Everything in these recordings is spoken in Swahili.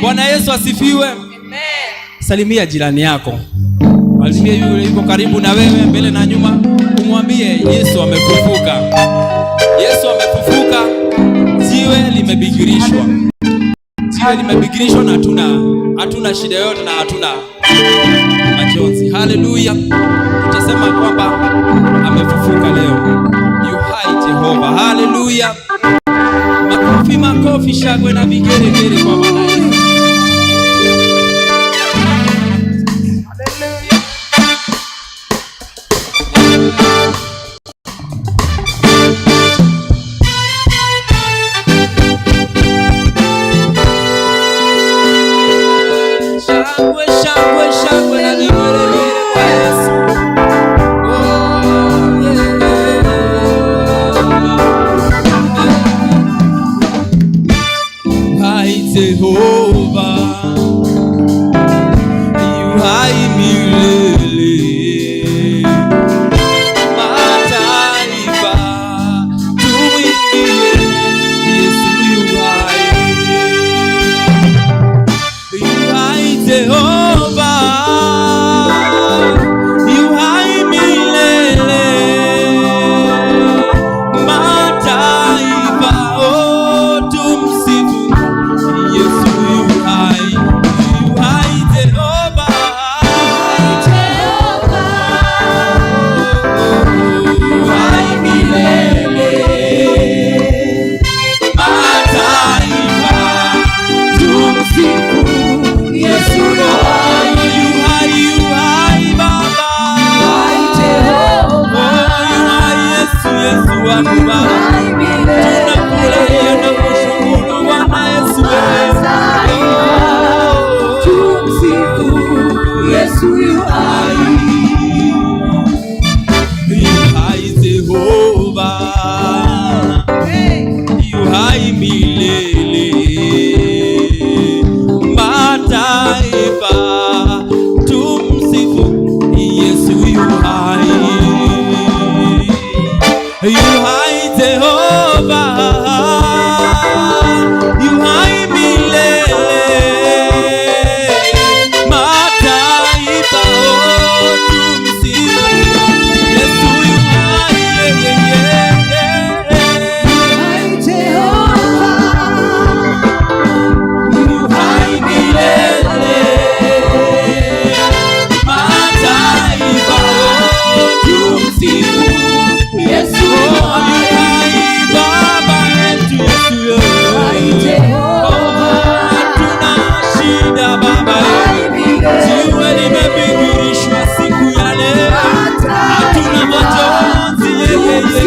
Bwana Yesu asifiwe. Amen. Salimia jirani yako, salimia yule yuko karibu na wewe, mbele na nyuma, umwambie Yesu amefufuka. Yesu amefufuka. Jiwe limebigirishwa, jiwe limebigirishwa, na hatuna hatuna shida yoyote na hatuna majonzi. Haleluya, tutasema kwamba amefufuka leo. Yu Jehova. Haleluya. Makofi, makofi, shagwe na vigeregere kwa Bwana. Baba, Baba.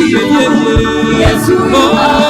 Yesu, Yesu, Yesu,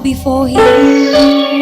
before him.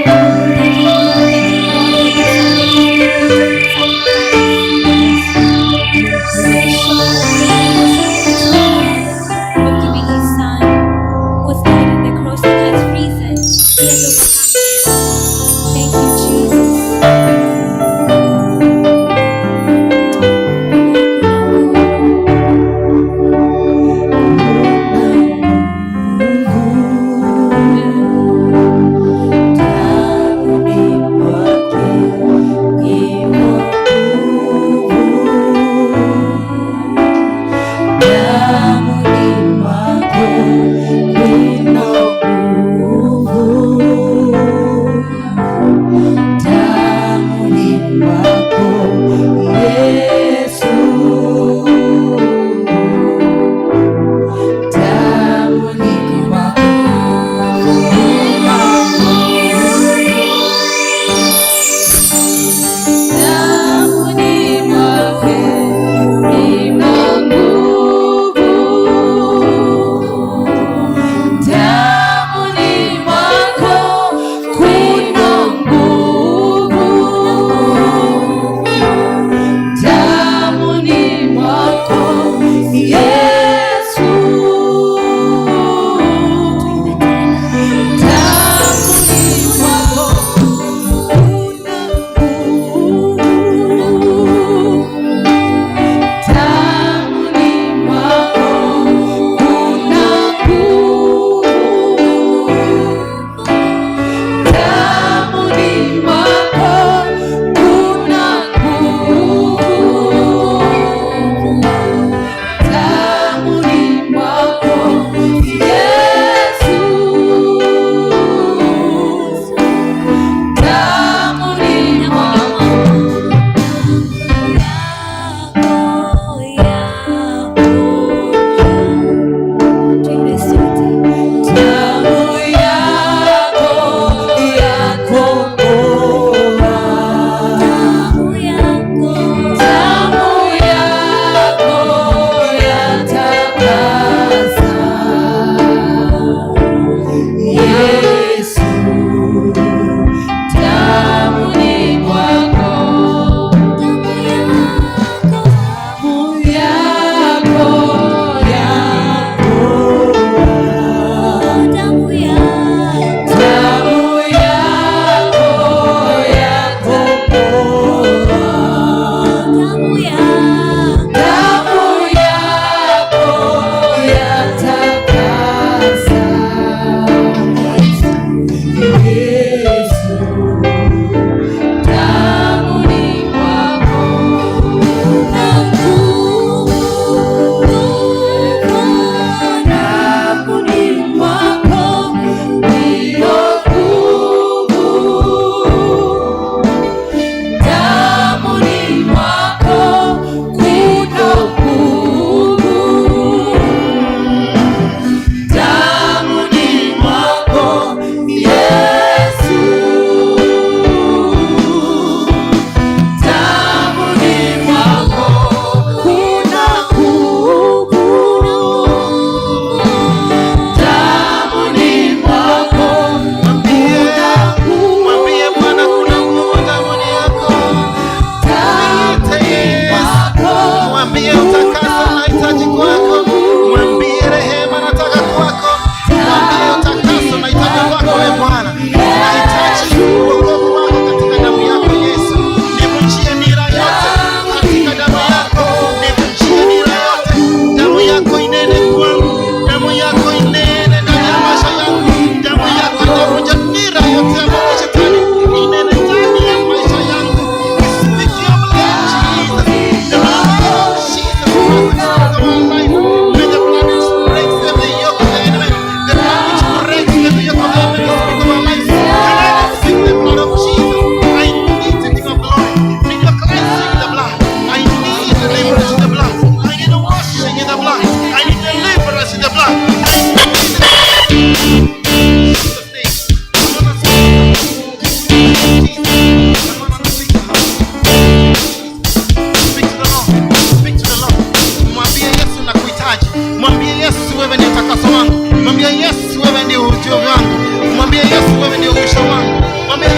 Mwambie Yesu, wewe ndio ujio wangu. Mwambie Yesu, wewe ndio uisho wangu. Mwambie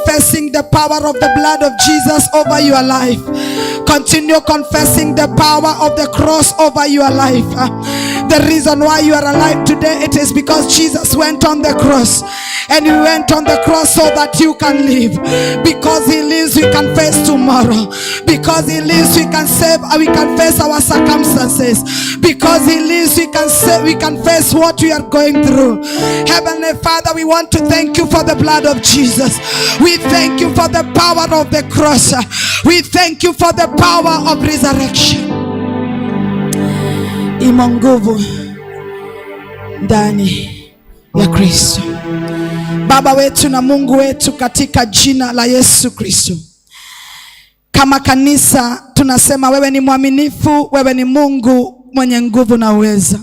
confessing the power of the blood of Jesus over your life. Continue confessing the power of the cross over your life. The reason why you are alive today, it is because Jesus went on the cross and he went on the cross so that you can live. Because he lives, we can face tomorrow. Because he lives, we can save, uh, we can face our circumstances. Because he lives, we can save, we can face what we are going through. Heavenly Father, we want to thank you for the blood of Jesus. We thank you for the power of the cross. We thank you for the power of resurrection. Imo nguvu ndani ya Kristo. Baba wetu na Mungu wetu, katika jina la Yesu Kristo, kama kanisa tunasema wewe ni mwaminifu, wewe ni Mungu mwenye nguvu na uweza.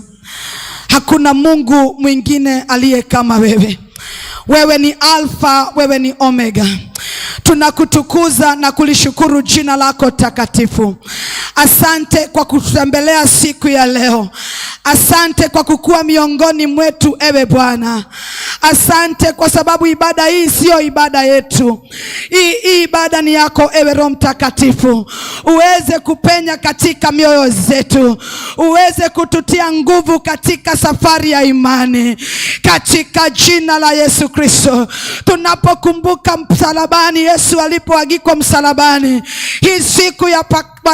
Hakuna Mungu mwingine aliye kama wewe. Wewe ni Alfa, wewe ni Omega. Tunakutukuza na kulishukuru jina lako takatifu. Asante kwa kututembelea siku ya leo. Asante kwa kukuwa miongoni mwetu, ewe Bwana. Asante kwa sababu ibada hii siyo ibada yetu. Hii, hii ibada ni yako ewe Roho Mtakatifu, uweze kupenya katika mioyo zetu, uweze kututia nguvu katika safari ya imani, katika jina la Yesu Kristo tunapokumbuka msalaba msalabani, Yesu alipoagikwa msalabani, hii siku ya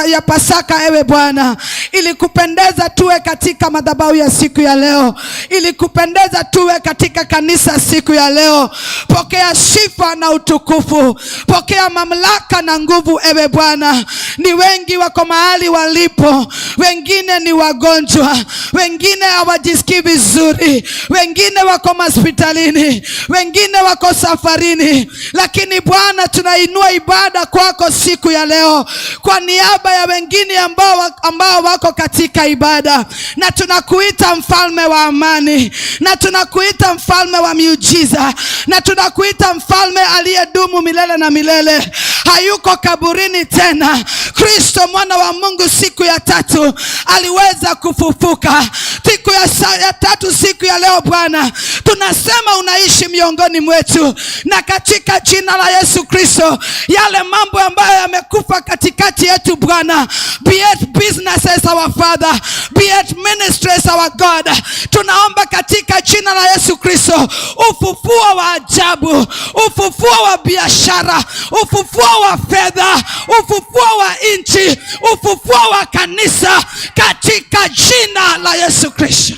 ya Pasaka, ewe Bwana, ilikupendeza tuwe katika madhabahu ya siku ya leo, ilikupendeza tuwe katika kanisa siku ya leo. Pokea sifa na utukufu, pokea mamlaka na nguvu, ewe Bwana. Ni wengi wako mahali walipo, wengine ni wagonjwa, wengine hawajisikii vizuri, wengine wako hospitalini, wengine wako safarini, lakini Bwana, tunainua ibada kwako siku ya leo kwa niaba niaba ya wengine ambao, ambao wako katika ibada, na tunakuita mfalme wa amani, na tunakuita mfalme wa miujiza, na tunakuita mfalme aliyedumu milele na milele. Hayuko kaburini tena. Kristo mwana wa Mungu siku ya tatu aliweza kufufuka siku ya, ya tatu siku ya leo. Bwana, tunasema unaishi miongoni mwetu, na katika jina la Yesu Kristo, yale mambo ambayo yamekufa katikati yetu Bwana, be it businesses our Father, be it ministries our God. Tunaomba katika jina la Yesu Kristo, ufufuo wa ajabu, ufufuo wa biashara, ufufuo wa fedha, ufufuo wa nchi, ufufuo wa kanisa katika jina la Yesu Kristo.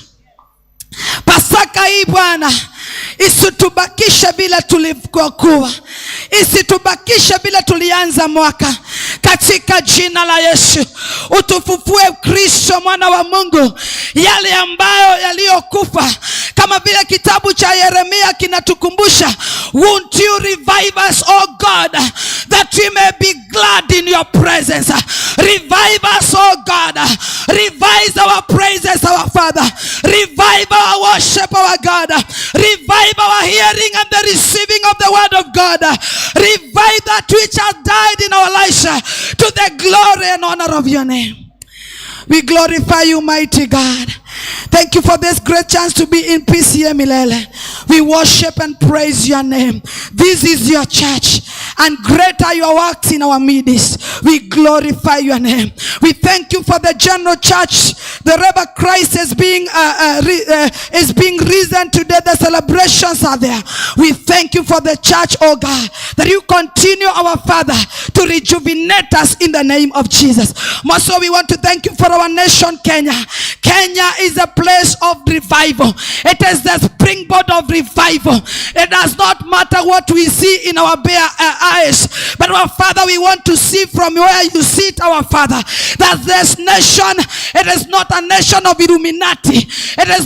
Pasaka hii Bwana isitubakishe bila tulivyokuwa, isitubakishe bila tulianza mwaka, katika jina la Yesu. Utufufue Kristo, mwana wa Mungu, yale ambayo yaliyokufa kama vile kitabu cha Yeremia kinatukumbusha, won't you revive us oh God that we may be glad in your presence. Revive us oh God, revise our praises our Father, revive our worship our God, revive our hearing and the receiving of the word of God, revive that which has died in our lives to the glory and honor of your name. We glorify you, mighty God. Thank you for this great chance to be in PCA Milele. We worship and praise your name. This is your church. And greater your works in our midst. We glorify your name. We thank you for the general church. The Rebel Christ is being uh, uh, re, uh, is being risen today. The celebrations are there. We thank you for the church, oh God, that you continue, our Father, to rejuvenate us in the name of Jesus. Most we want to thank you for our nation, Kenya. Kenya is is a place of revival. It is the springboard of revival. It does not matter what we see in our bare uh, eyes, but our Father, we want to see from where you sit, our Father, that this nation, it is not a nation of Illuminati. It is